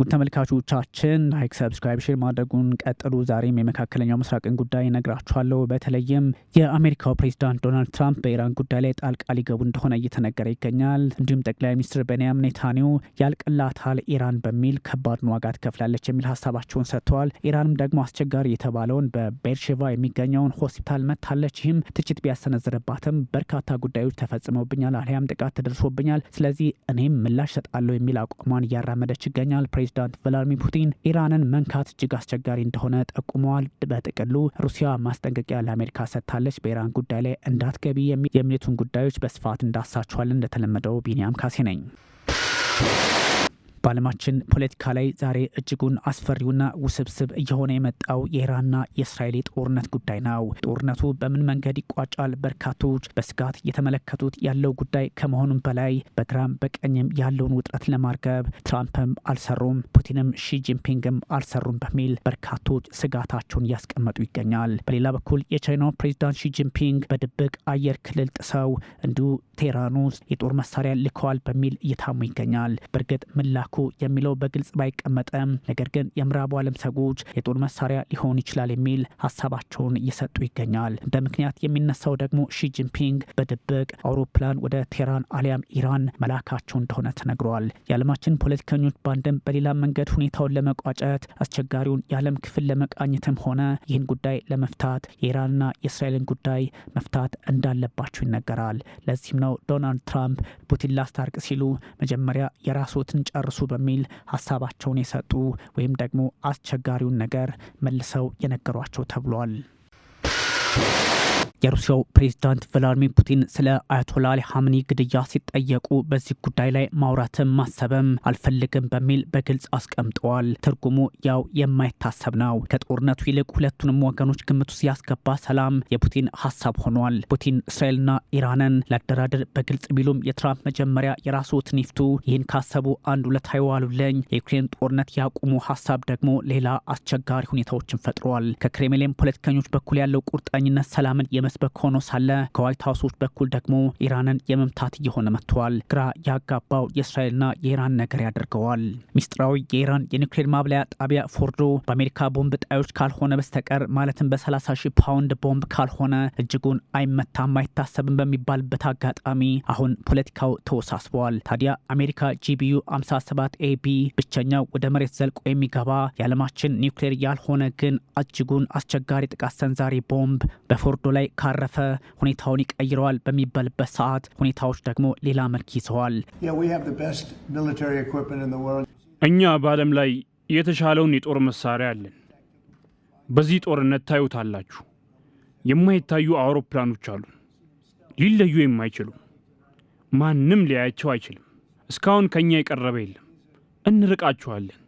ውድ ተመልካቾቻችን ላይክ፣ ሰብስክራይብ፣ ሼር ማድረጉን ቀጥሉ። ዛሬም የመካከለኛው ምስራቅን ጉዳይ ነግራችኋለሁ። በተለይም የአሜሪካው ፕሬዚዳንት ዶናልድ ትራምፕ በኢራን ጉዳይ ላይ ጣልቃ ሊገቡ እንደሆነ እየተነገረ ይገኛል። እንዲሁም ጠቅላይ ሚኒስትር ቤንያም ኔታኒው ያልቅላታል ኢራን በሚል ከባድን ዋጋ ትከፍላለች የሚል ሀሳባቸውን ሰጥተዋል። ኢራንም ደግሞ አስቸጋሪ የተባለውን በቤርሼቫ የሚገኘውን ሆስፒታል መታለች። ይህም ትችት ቢያሰነዝርባትም በርካታ ጉዳዮች ተፈጽመውብኛል፣ አሊያም ጥቃት ተደርሶብኛል፣ ስለዚህ እኔም ምላሽ ሰጣለሁ የሚል አቋሟን እያራመደች ይገኛል። ፕሬዚዳንት ቭላዲሚር ፑቲን ኢራንን መንካት እጅግ አስቸጋሪ እንደሆነ ጠቁመዋል። በጥቅሉ ሩሲያ ማስጠንቀቂያ ለአሜሪካ ሰጥታለች። በኢራን ጉዳይ ላይ እንዳትገቢ የሚሉትን ጉዳዮች በስፋት እንዳሳችኋለን። እንደተለመደው ቢኒያም ካሴ ነኝ። በዓለማችን ፖለቲካ ላይ ዛሬ እጅጉን አስፈሪውና ውስብስብ እየሆነ የመጣው የኢራንና የእስራኤል ጦርነት ጉዳይ ነው። ጦርነቱ በምን መንገድ ይቋጫል? በርካቶች በስጋት እየተመለከቱት ያለው ጉዳይ ከመሆኑም በላይ በግራም በቀኝም ያለውን ውጥረት ለማርገብ ትራምፕም አልሰሩም፣ ፑቲንም ሺጂንፒንግም አልሰሩም በሚል በርካቶች ስጋታቸውን እያስቀመጡ ይገኛል። በሌላ በኩል የቻይናው ፕሬዚዳንት ሺጂንፒንግ በድብቅ አየር ክልል ጥሰው እንዲሁ ቴህራን ውስጥ የጦር መሳሪያ ልከዋል በሚል እየታሙ ይገኛል። በእርግጥ ምላ ተላኩ የሚለው በግልጽ ባይቀመጠም ነገር ግን የምዕራቡ ዓለም ሰዎች የጦር መሳሪያ ሊሆን ይችላል የሚል ሀሳባቸውን እየሰጡ ይገኛል። እንደ ምክንያት የሚነሳው ደግሞ ሺጂንፒንግ በድብቅ አውሮፕላን ወደ ቴህራን አሊያም ኢራን መላካቸው እንደሆነ ተነግሯል። የዓለማችን ፖለቲከኞች በአንድም በሌላ መንገድ ሁኔታውን ለመቋጨት አስቸጋሪውን የዓለም ክፍል ለመቃኘትም ሆነ ይህን ጉዳይ ለመፍታት የኢራንና የእስራኤልን ጉዳይ መፍታት እንዳለባቸው ይነገራል። ለዚህም ነው ዶናልድ ትራምፕ ፑቲን ላስታርቅ ሲሉ መጀመሪያ የራስዎትን ጨርሶ ይድረሱ በሚል ሀሳባቸውን የሰጡ ወይም ደግሞ አስቸጋሪውን ነገር መልሰው የነገሯቸው ተብሏል። የሩሲያው ፕሬዚዳንት ቭላዲሚር ፑቲን ስለ አያቶላ አሊ ሀምኒ ግድያ ሲጠየቁ በዚህ ጉዳይ ላይ ማውራትም ማሰብም አልፈልግም በሚል በግልጽ አስቀምጠዋል። ትርጉሙ ያው የማይታሰብ ነው። ከጦርነቱ ይልቅ ሁለቱንም ወገኖች ግምት ሲያስገባ ያስገባ ሰላም የፑቲን ሀሳብ ሆኗል። ፑቲን እስራኤልና ኢራንን ላደራደር በግልጽ ቢሉም የትራምፕ መጀመሪያ የራሱ ትኒፍቱ ይህን ካሰቡ አንድ ሁለት አይዋሉልኝ የዩክሬን ጦርነት ያቁሙ ሀሳብ ደግሞ ሌላ አስቸጋሪ ሁኔታዎችን ፈጥሯል። ከክሬምሊን ፖለቲከኞች በኩል ያለው ቁርጠኝነት ሰላምን በመስበክ ሆኖ ሳለ ከዋይት ሀውሶች በኩል ደግሞ ኢራንን የመምታት እየሆነ መጥተዋል። ግራ ያጋባው የእስራኤልና የኢራን ነገር ያደርገዋል። ሚስጥራዊ የኢራን የኒውክሌር ማብለያ ጣቢያ ፎርዶ በአሜሪካ ቦምብ ጣዮች ካልሆነ በስተቀር ማለትም በ30 ሺህ ፓውንድ ቦምብ ካልሆነ እጅጉን አይመታም አይታሰብም በሚባልበት አጋጣሚ አሁን ፖለቲካው ተወሳስበዋል። ታዲያ አሜሪካ ጂቢዩ 57 ኤቢ ብቸኛው ወደ መሬት ዘልቆ የሚገባ የዓለማችን ኒውክሌር ያልሆነ ግን እጅጉን አስቸጋሪ ጥቃት ሰንዛሪ ቦምብ በፎርዶ ላይ ካረፈ ሁኔታውን ይቀይረዋል በሚባልበት ሰዓት ሁኔታዎች ደግሞ ሌላ መልክ ይዘዋል። እኛ በዓለም ላይ የተሻለውን የጦር መሳሪያ አለን። በዚህ ጦርነት ታዩታላችሁ። የማይታዩ አውሮፕላኖች አሉ፣ ሊለዩ የማይችሉ ማንም ሊያያቸው አይችልም። እስካሁን ከእኛ የቀረበ የለም። እንርቃችኋለን።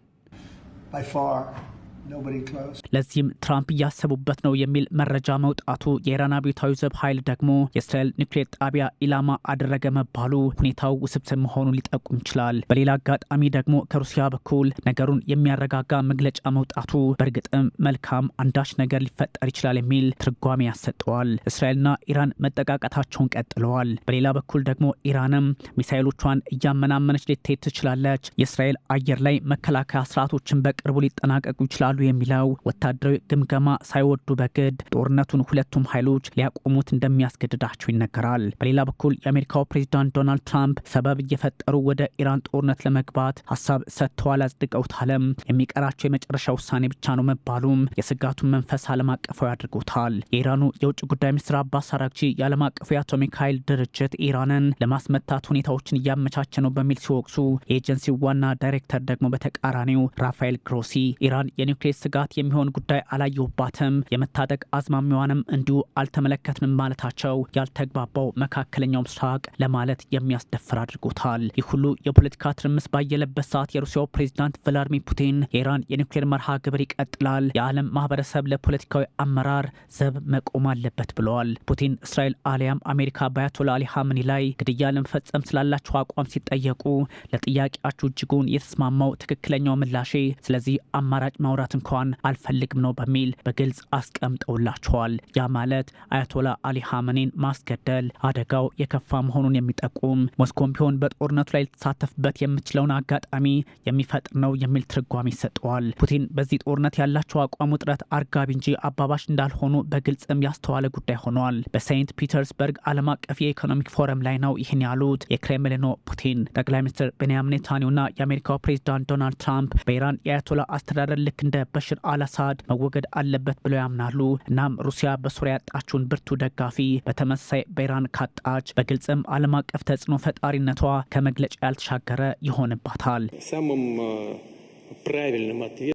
ለዚህም ትራምፕ እያሰቡበት ነው የሚል መረጃ መውጣቱ፣ የኢራን አብዮታዊ ዘብ ኃይል ደግሞ የእስራኤል ኒውክሌር ጣቢያ ኢላማ አደረገ መባሉ ሁኔታው ውስብስብ መሆኑን ሊጠቁም ይችላል። በሌላ አጋጣሚ ደግሞ ከሩሲያ በኩል ነገሩን የሚያረጋጋ መግለጫ መውጣቱ በእርግጥም መልካም አንዳች ነገር ሊፈጠር ይችላል የሚል ትርጓሜ ያሰጠዋል። እስራኤልና ኢራን መጠቃቀታቸውን ቀጥለዋል። በሌላ በኩል ደግሞ ኢራንም ሚሳይሎቿን እያመናመነች ልትሄድ ትችላለች። የእስራኤል አየር ላይ መከላከያ ስርዓቶችን በቅርቡ ሊጠናቀቁ ይችላሉ የሚለው ወታደራዊ ግምገማ ሳይወዱ በግድ ጦርነቱን ሁለቱም ኃይሎች ሊያቆሙት እንደሚያስገድዳቸው ይነገራል። በሌላ በኩል የአሜሪካው ፕሬዚዳንት ዶናልድ ትራምፕ ሰበብ እየፈጠሩ ወደ ኢራን ጦርነት ለመግባት ሀሳብ ሰጥተዋል፣ አጽድቀውታልም። የሚቀራቸው የመጨረሻ ውሳኔ ብቻ ነው መባሉም የስጋቱን መንፈስ ዓለም አቀፋዊ አድርጎታል። የኢራኑ የውጭ ጉዳይ ሚኒስትር አባስ አራግቺ የዓለም አቀፉ የአቶሚክ ኃይል ድርጅት ኢራንን ለማስመታት ሁኔታዎችን እያመቻቸ ነው በሚል ሲወቅሱ፣ የኤጀንሲው ዋና ዳይሬክተር ደግሞ በተቃራኒው ራፋኤል ግሮሲ ኢራን የኒውክሌር ስቴትስ ስጋት የሚሆን ጉዳይ አላየሁባትም፣ የመታጠቅ አዝማሚዋንም እንዲሁ አልተመለከትንም ማለታቸው ያልተግባባው መካከለኛው ምስራቅ ለማለት የሚያስደፍር አድርጎታል። ይህ ሁሉ የፖለቲካ ትርምስ ባየለበት ሰዓት የሩሲያው ፕሬዚዳንት ቭላዲሚር ፑቲን የኢራን የኒውክሌር መርሃ ግብር ይቀጥላል፣ የዓለም ማህበረሰብ ለፖለቲካዊ አመራር ዘብ መቆም አለበት ብለዋል። ፑቲን እስራኤል አሊያም አሜሪካ በአያቶላ አሊ ሀምኒ ላይ ግድያ ለመፈጸም ስላላቸው አቋም ሲጠየቁ ለጥያቄያችሁ እጅጉን የተስማማው ትክክለኛው ምላሼ ስለዚህ አማራጭ ማውራት መውጣት እንኳን አልፈልግም ነው በሚል በግልጽ አስቀምጠውላቸዋል። ያ ማለት አያቶላ አሊ ሀመኔን ማስገደል አደጋው የከፋ መሆኑን የሚጠቁም ሞስኮም ቢሆን በጦርነቱ ላይ ልትሳተፍበት የምችለውን አጋጣሚ የሚፈጥር ነው የሚል ትርጓሜ ይሰጠዋል። ፑቲን በዚህ ጦርነት ያላቸው አቋም ውጥረት አርጋቢ እንጂ አባባሽ እንዳልሆኑ በግልጽም ያስተዋለ ጉዳይ ሆኗል። በሴንት ፒተርስበርግ ዓለም አቀፍ የኢኮኖሚክ ፎረም ላይ ነው ይህን ያሉት የክሬምሊኖ ፑቲን። ጠቅላይ ሚኒስትር ቤንያሚን ኔታንያሁና የአሜሪካው ፕሬዚዳንት ዶናልድ ትራምፕ በኢራን የአያቶላ አስተዳደር ልክ እንደ ከበሽር አልአሳድ መወገድ አለበት ብለው ያምናሉ። እናም ሩሲያ በሱሪያ ያጣችውን ብርቱ ደጋፊ በተመሳይ በኢራን ካጣች በግልጽም ዓለም አቀፍ ተጽዕኖ ፈጣሪነቷ ከመግለጫ ያልተሻገረ ይሆንባታል።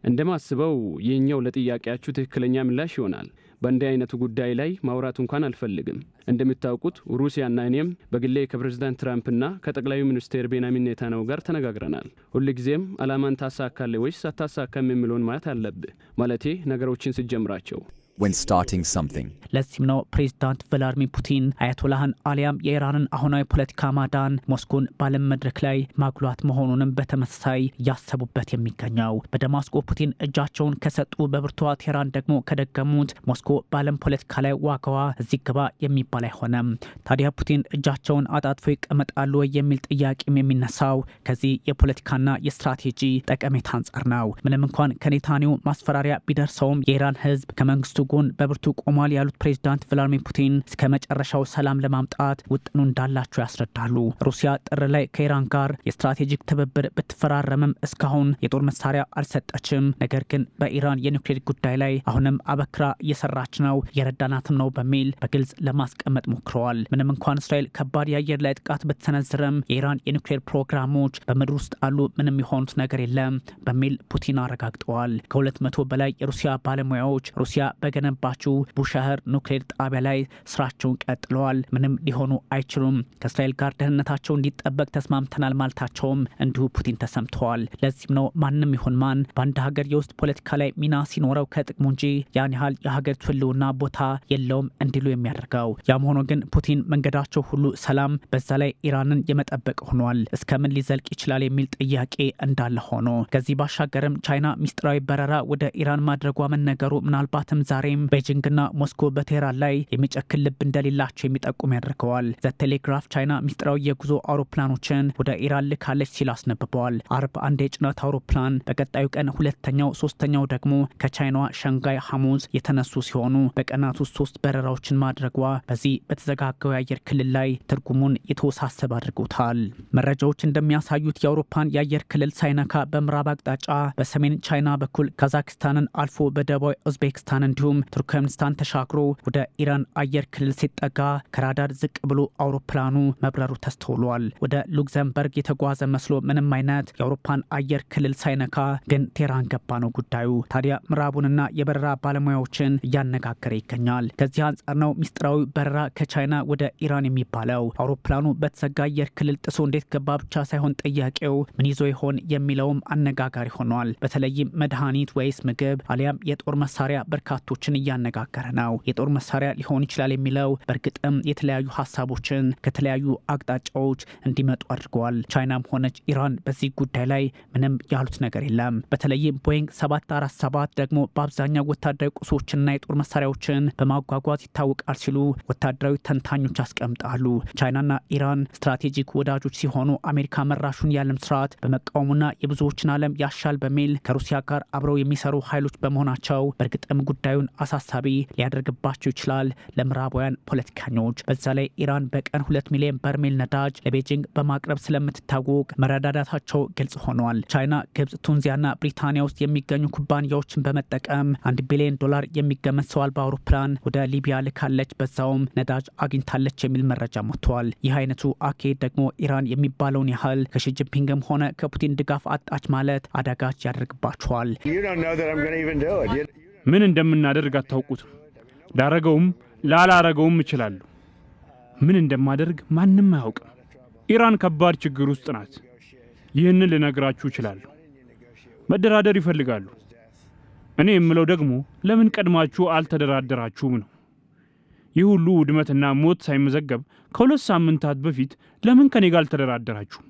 እንደማስበው ይህኛው ለጥያቄያችሁ ትክክለኛ ምላሽ ይሆናል። በእንዲህ አይነቱ ጉዳይ ላይ ማውራት እንኳን አልፈልግም። እንደምታውቁት ሩሲያና እኔም በግሌ ከፕሬዝዳንት ትራምፕና ከጠቅላዩ ሚኒስቴር ቤንያሚን ኔታንያሁ ጋር ተነጋግረናል። ሁልጊዜም አላማን ታሳካለ ወይስ አታሳካም የሚለውን ማለት አለብህ። ማለቴ ነገሮችን ስጀምራቸው when starting something. ለዚህም ነው ፕሬዚዳንት ቭላድሚር ፑቲን አያቶላህን አሊያም የኢራንን አሁናዊ ፖለቲካ ማዳን ሞስኮን ባለም መድረክ ላይ ማጉላት መሆኑንም በተመሳሳይ እያሰቡበት የሚገኘው። በደማስቆ ፑቲን እጃቸውን ከሰጡ በብርቷ ቴህራን ደግሞ ከደገሙት ሞስኮ ባለም ፖለቲካ ላይ ዋጋዋ እዚህ ግባ የሚባል አይሆነም። ታዲያ ፑቲን እጃቸውን አጣጥፎ ይቀመጣሉ ወይ የሚል ጥያቄም የሚነሳው ከዚህ የፖለቲካና የስትራቴጂ ጠቀሜታ አንጻር ነው። ምንም እንኳን ከኔታኒው ማስፈራሪያ ቢደርሰውም የኢራን ህዝብ ከመንግስቱ ጎን በብርቱ ቆሟል ያሉት ፕሬዚዳንት ቭላድሚር ፑቲን እስከ መጨረሻው ሰላም ለማምጣት ውጥኑ እንዳላቸው ያስረዳሉ። ሩሲያ ጥር ላይ ከኢራን ጋር የስትራቴጂክ ትብብር ብትፈራረምም እስካሁን የጦር መሳሪያ አልሰጠችም፣ ነገር ግን በኢራን የኒውክሌር ጉዳይ ላይ አሁንም አበክራ እየሰራች ነው፣ የረዳናትም ነው በሚል በግልጽ ለማስቀመጥ ሞክረዋል። ምንም እንኳን እስራኤል ከባድ የአየር ላይ ጥቃት ብትሰነዝርም የኢራን የኒውክሌር ፕሮግራሞች በምድር ውስጥ አሉ፣ ምንም የሆኑት ነገር የለም በሚል ፑቲን አረጋግጠዋል። ከሁለት መቶ በላይ የሩሲያ ባለሙያዎች ሩሲያ በ በተገነባችው ቡሻህር ኑክሌር ጣቢያ ላይ ስራቸውን ቀጥለዋል። ምንም ሊሆኑ አይችሉም። ከእስራኤል ጋር ደህንነታቸው እንዲጠበቅ ተስማምተናል ማለታቸውም እንዲሁ ፑቲን ተሰምተዋል። ለዚህም ነው ማንም ይሁን ማን በአንድ ሀገር የውስጥ ፖለቲካ ላይ ሚና ሲኖረው ከጥቅሙ እንጂ ያን ያህል የሀገሪቱ ህልውና ቦታ የለውም እንዲሉ የሚያደርገው። ያም ሆኖ ግን ፑቲን መንገዳቸው ሁሉ ሰላም፣ በዛ ላይ ኢራንን የመጠበቅ ሆኗል። እስከምን ሊዘልቅ ይችላል የሚል ጥያቄ እንዳለ ሆኖ ከዚህ ባሻገርም ቻይና ሚስጥራዊ በረራ ወደ ኢራን ማድረጓ መነገሩ ምናልባትም ዛሬ ዛሬም ቤጂንግና ሞስኮ በቴህራን ላይ የሚጨክን ልብ እንደሌላቸው የሚጠቁም ያደርገዋል። ዘቴሌግራፍ ቻይና ሚስጥራዊ የጉዞ አውሮፕላኖችን ወደ ኢራን ልካለች ሲል አስነብበዋል። አርብ አንድ የጭነት አውሮፕላን በቀጣዩ ቀን ሁለተኛው፣ ሶስተኛው ደግሞ ከቻይናዋ ሸንጋይ ሐሙዝ የተነሱ ሲሆኑ በቀናት ውስጥ ሶስት በረራዎችን ማድረጓ በዚህ በተዘጋጋው የአየር ክልል ላይ ትርጉሙን የተወሳሰብ አድርጎታል። መረጃዎች እንደሚያሳዩት የአውሮፓን የአየር ክልል ሳይነካ በምዕራብ አቅጣጫ በሰሜን ቻይና በኩል ካዛክስታንን አልፎ በደቡባዊ ኡዝቤክስታን እንዲሁም እንዲሁም ቱርክሜኒስታን ተሻግሮ ወደ ኢራን አየር ክልል ሲጠጋ ከራዳር ዝቅ ብሎ አውሮፕላኑ መብረሩ ተስተውሏል። ወደ ሉክዘምበርግ የተጓዘ መስሎ ምንም አይነት የአውሮፓን አየር ክልል ሳይነካ ግን ቴራን ገባ ነው ጉዳዩ። ታዲያ ምዕራቡንና የበረራ ባለሙያዎችን እያነጋገረ ይገኛል። ከዚህ አንጻር ነው ሚስጥራዊ በረራ ከቻይና ወደ ኢራን የሚባለው። አውሮፕላኑ በተዘጋ አየር ክልል ጥሶ እንዴት ገባ ብቻ ሳይሆን ጥያቄው ምን ይዞ ይሆን የሚለውም አነጋጋሪ ሆኗል። በተለይም መድኃኒት ወይስ ምግብ አሊያም የጦር መሳሪያ በርካቶች ሰዎችን እያነጋገረ ነው። የጦር መሳሪያ ሊሆን ይችላል የሚለው በእርግጥም የተለያዩ ሀሳቦችን ከተለያዩ አቅጣጫዎች እንዲመጡ አድርገዋል። ቻይናም ሆነች ኢራን በዚህ ጉዳይ ላይ ምንም ያሉት ነገር የለም። በተለይም ቦይንግ 747 ደግሞ በአብዛኛው ወታደራዊ ቁሶችንና የጦር መሳሪያዎችን በማጓጓዝ ይታወቃል ሲሉ ወታደራዊ ተንታኞች ያስቀምጣሉ። ቻይናና ኢራን ስትራቴጂክ ወዳጆች ሲሆኑ አሜሪካ መራሹን የዓለም ስርዓት በመቃወሙና የብዙዎችን ዓለም ያሻል በሚል ከሩሲያ ጋር አብረው የሚሰሩ ኃይሎች በመሆናቸው በእርግጥም ጉዳዩን አሳሳቢ ሊያደርግባቸው ይችላል ለምዕራባውያን ፖለቲከኞች። በዛ ላይ ኢራን በቀን ሁለት ሚሊዮን በርሜል ነዳጅ ለቤጂንግ በማቅረብ ስለምትታወቅ መረዳዳታቸው ግልጽ ሆኗል። ቻይና፣ ግብጽ፣ ቱኒዚያና ብሪታንያ ውስጥ የሚገኙ ኩባንያዎችን በመጠቀም አንድ ቢሊዮን ዶላር የሚገመት ሰው አልባ አውሮፕላን ወደ ሊቢያ ልካለች፣ በዛውም ነዳጅ አግኝታለች የሚል መረጃ ሞጥቷል። ይህ አይነቱ አካሄድ ደግሞ ኢራን የሚባለውን ያህል ከሺጂንፒንግም ሆነ ከፑቲን ድጋፍ አጣች ማለት አዳጋች ያደርግባቸዋል። ምን እንደምናደርግ አታውቁትም። ላረገውም ላላረገውም እችላለሁ። ምን እንደማደርግ ማንም አያውቅም። ኢራን ከባድ ችግር ውስጥ ናት። ይህንን ልነግራችሁ እችላለሁ። መደራደር ይፈልጋሉ። እኔ የምለው ደግሞ ለምን ቀድማችሁ አልተደራደራችሁም ነው። ይህ ሁሉ ውድመትና ሞት ሳይመዘገብ ከሁለት ሳምንታት በፊት ለምን ከኔ ጋር አልተደራደራችሁም?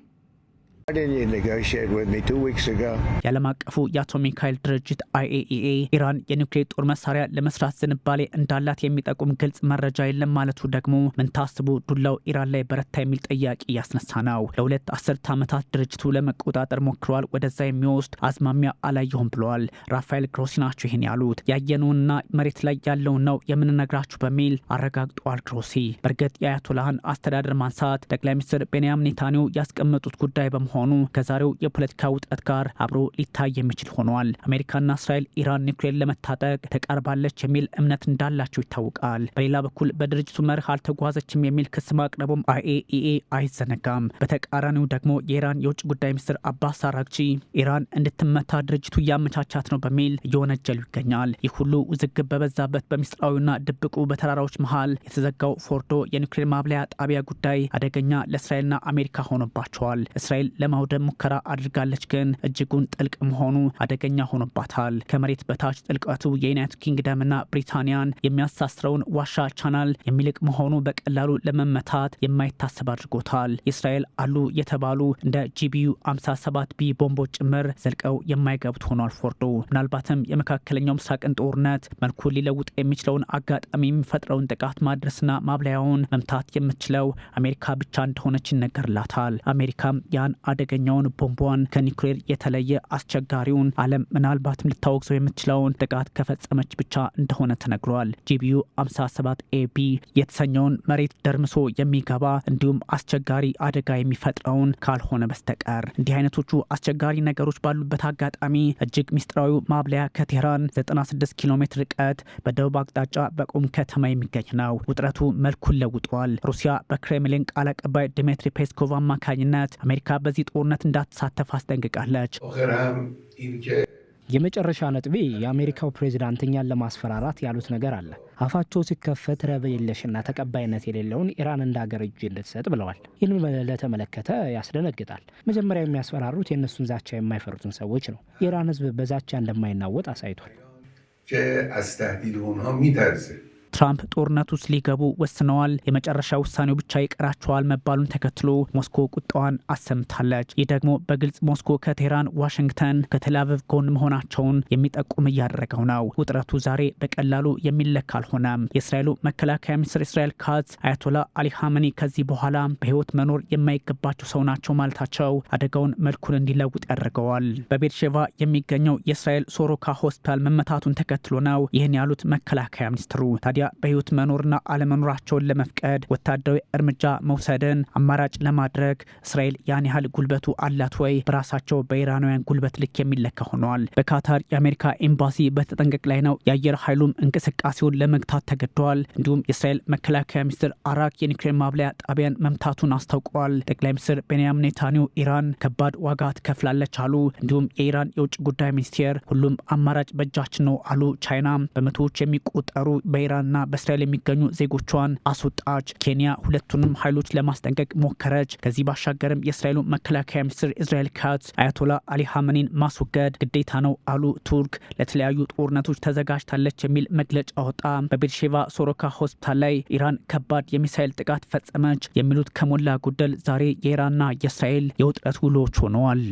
የዓለም አቀፉ የአቶሚክ ኃይል ድርጅት አይኤኢኤ e ኢራን የኒውክሌር ጦር መሳሪያ ለመስራት ዝንባሌ እንዳላት የሚጠቁም ግልጽ መረጃ የለም ማለቱ ደግሞ ምን ታስቡ ዱላው ኢራን ላይ በረታ የሚል ጥያቄ እያስነሳ ነው። ለሁለት አስርት ዓመታት ድርጅቱ ለመቆጣጠር ሞክረዋል፣ ወደዛ የሚወስድ አዝማሚያ አላየሁም ብለዋል። ራፋኤል ግሮሲ ናቸው ይህን ያሉት። ያየነውንና መሬት ላይ ያለውን ነው የምንነግራችሁ በሚል አረጋግጠዋል ግሮሲ። በእርግጥ የአያቶላህን አስተዳደር ማንሳት ጠቅላይ ሚኒስትር ቤንያም ኔታንያሁ ያስቀመጡት ጉዳይ በመሆ መሆኑ ከዛሬው የፖለቲካ ውጥረት ጋር አብሮ ሊታይ የሚችል ሆኗል። አሜሪካና እስራኤል ኢራን ኒውክሌር ለመታጠቅ ተቃርባለች የሚል እምነት እንዳላቸው ይታወቃል። በሌላ በኩል በድርጅቱ መርህ አልተጓዘችም የሚል ክስ ማቅረቡም አይኤኢኤ አይዘነጋም። በተቃራኒው ደግሞ የኢራን የውጭ ጉዳይ ሚኒስትር አባስ አራግቺ ኢራን እንድትመታ ድርጅቱ እያመቻቻት ነው በሚል እየወነጀሉ ይገኛል። ይህ ሁሉ ውዝግብ በበዛበት በሚስጥራዊና ድብቁ በተራራዎች መሃል የተዘጋው ፎርዶ የኒውክሌር ማብለያ ጣቢያ ጉዳይ አደገኛ ለእስራኤልና አሜሪካ ሆኖባቸዋል። እስራኤል ለማውደም ሙከራ አድርጋለች፣ ግን እጅጉን ጥልቅ መሆኑ አደገኛ ሆኖባታል። ከመሬት በታች ጥልቀቱ የዩናይትድ ኪንግደምና ብሪታንያን የሚያሳስረውን ዋሻ ቻናል የሚልቅ መሆኑ በቀላሉ ለመመታት የማይታሰብ አድርጎታል። የእስራኤል አሉ የተባሉ እንደ ጂቢዩ 57 ቢ ቦምቦች ጭምር ዘልቀው የማይገቡት ሆኗል። ፎርዶ ምናልባትም የመካከለኛው ምስራቅን ጦርነት መልኩ ሊለውጥ የሚችለውን አጋጣሚ የሚፈጥረውን ጥቃት ማድረስና ማብለያውን መምታት የምትችለው አሜሪካ ብቻ እንደሆነች ይነገርላታል። አሜሪካም ያን አ አደገኛውን ቦምቧን ከኒውክሌር የተለየ አስቸጋሪውን ዓለም ምናልባትም ልታወግዘው የምትችለውን ጥቃት ከፈጸመች ብቻ እንደሆነ ተነግሯል። ጂቢዩ 57 ኤቢ የተሰኘውን መሬት ደርምሶ የሚገባ እንዲሁም አስቸጋሪ አደጋ የሚፈጥረውን ካልሆነ በስተቀር እንዲህ አይነቶቹ አስቸጋሪ ነገሮች ባሉበት አጋጣሚ እጅግ ሚስጥራዊ ማብለያ ከቴህራን 96 ኪሎ ሜትር ርቀት በደቡብ አቅጣጫ በቆም ከተማ የሚገኝ ነው። ውጥረቱ መልኩን ለውጧል። ሩሲያ በክሬምሊን ቃል አቀባይ ድሜትሪ ፔስኮቭ አማካኝነት አሜሪካ በዚህ ጦርነት እንዳትሳተፍ አስጠንቅቃለች። የመጨረሻ ነጥቤ የአሜሪካው ፕሬዚዳንት እኛን ለማስፈራራት ያሉት ነገር አለ። አፋቸው ሲከፈት ረብ የለሽና ተቀባይነት የሌለውን ኢራን እንደ ሀገር እጅ እንድትሰጥ ብለዋል። ይህን ለተመለከተ ያስደነግጣል። መጀመሪያ የሚያስፈራሩት የእነሱን ዛቻ የማይፈሩትን ሰዎች ነው። የኢራን ሕዝብ በዛቻ እንደማይናወጥ አሳይቷል። ትራምፕ ጦርነት ውስጥ ሊገቡ ወስነዋል፣ የመጨረሻ ውሳኔው ብቻ ይቀራቸዋል መባሉን ተከትሎ ሞስኮ ቁጣዋን አሰምታለች። ይህ ደግሞ በግልጽ ሞስኮ ከቴህራን፣ ዋሽንግተን ከቴላቪቭ ጎን መሆናቸውን የሚጠቁም እያደረገው ነው። ውጥረቱ ዛሬ በቀላሉ የሚለካ አልሆነም። የእስራኤሉ መከላከያ ሚኒስትር እስራኤል ካትዝ አያቶላ አሊ ሀመኒ ከዚህ በኋላ በህይወት መኖር የማይገባቸው ሰው ናቸው ማለታቸው አደጋውን መልኩን እንዲለውጥ ያደርገዋል። በቤርሼቫ የሚገኘው የእስራኤል ሶሮካ ሆስፒታል መመታቱን ተከትሎ ነው ይህን ያሉት መከላከያ ሚኒስትሩ ታዲያ በህይወት መኖርና አለመኖራቸውን ለመፍቀድ ወታደራዊ እርምጃ መውሰድን አማራጭ ለማድረግ እስራኤል ያን ያህል ጉልበቱ አላት ወይ? በራሳቸው በኢራናውያን ጉልበት ልክ የሚለካ ሆኗል። በካታር የአሜሪካ ኤምባሲ በተጠንቀቅ ላይ ነው። የአየር ኃይሉም እንቅስቃሴውን ለመግታት ተገደዋል። እንዲሁም የእስራኤል መከላከያ ሚኒስትር አራክ የኒክሌር ማብለያ ጣቢያን መምታቱን አስታውቀዋል። ጠቅላይ ሚኒስትር ቤንያም ኔታንያሁ ኢራን ከባድ ዋጋ ትከፍላለች አሉ። እንዲሁም የኢራን የውጭ ጉዳይ ሚኒስቴር ሁሉም አማራጭ በእጃችን ነው አሉ። ቻይና በመቶዎች የሚቆጠሩ በኢራንና ኢትዮጵያና በእስራኤል የሚገኙ ዜጎቿን አስወጣች። ኬንያ ሁለቱንም ኃይሎች ለማስጠንቀቅ ሞከረች። ከዚህ ባሻገርም የእስራኤሉ መከላከያ ሚኒስትር እስራኤል ካትዝ አያቶላ አሊ ሀመኔን ማስወገድ ግዴታ ነው አሉ። ቱርክ ለተለያዩ ጦርነቶች ተዘጋጅታለች የሚል መግለጫ አወጣ። በቤርሼቫ ሶሮካ ሆስፒታል ላይ ኢራን ከባድ የሚሳኤል ጥቃት ፈጸመች። የሚሉት ከሞላ ጎደል ዛሬ የኢራንና የእስራኤል የውጥረት ውሎች ሆነዋል።